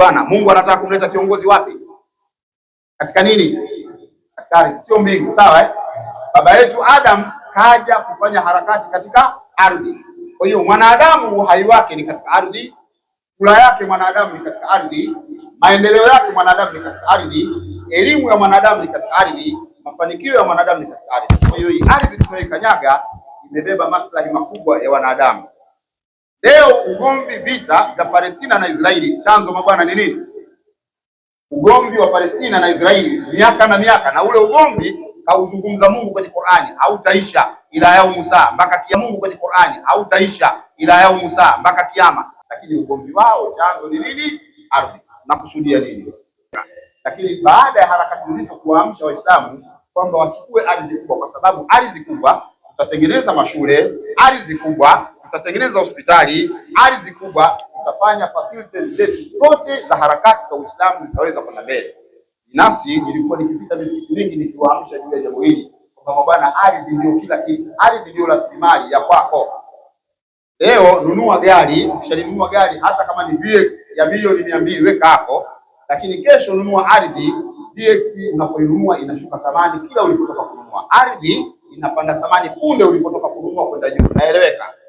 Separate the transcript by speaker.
Speaker 1: Hapana, Mungu anataka kumleta kiongozi wapi? Katika nini? Katika ardhi, sio mbingu, sawa eh? Baba yetu Adam kaja kufanya harakati katika ardhi. Kwa hiyo mwanadamu uhai wake ni katika ardhi, kula yake mwanadamu ni katika ardhi, maendeleo yake mwanadamu ni katika ardhi, elimu ya mwanadamu ni katika ardhi, mafanikio ya mwanadamu ni katika ardhi. Kwa hiyo hii ardhi tunayoikanyaga imebeba maslahi makubwa ya wanadamu ugomvi, vita vya Palestina na Israeli, chanzo mabwana ni nini? Ugomvi wa Palestina na Israeli miaka na miaka, na ule ugomvi kauzungumza Mungu kwenye Qur'ani, hautaisha ila yao Musa mpaka kiama. Mungu kwenye Qur'ani hautaisha ila yao Musa mpaka kiama, lakini ugomvi wao chanzo ni nini? Ardhi na kusudia nini? Lakini baada ya harakati nzito kuamsha Waislamu kwamba wachukue ardhi kubwa, kwa sababu ardhi kubwa tutatengeneza mashule, ardhi kubwa tutatengeneza hospitali, ardhi kubwa, tutafanya facilities zetu zote za harakati za Uislamu zitaweza kwenda mbele. Binafsi nilikuwa nikipita misikiti mingi nikiwaamsha juu ya jambo hili kwamba bwana, ardhi ndio kila kitu, ardhi ndio rasilimali ya kwako. Leo nunua gari, ushalinunua gari hata kama ni VX ya milioni mia mbili weka hapo, lakini kesho nunua ardhi. VX unapoinunua inashuka thamani kila ulipotoka kununua. Ardhi inapanda thamani punde ulipotoka kununua kwenda juu. Naeleweka?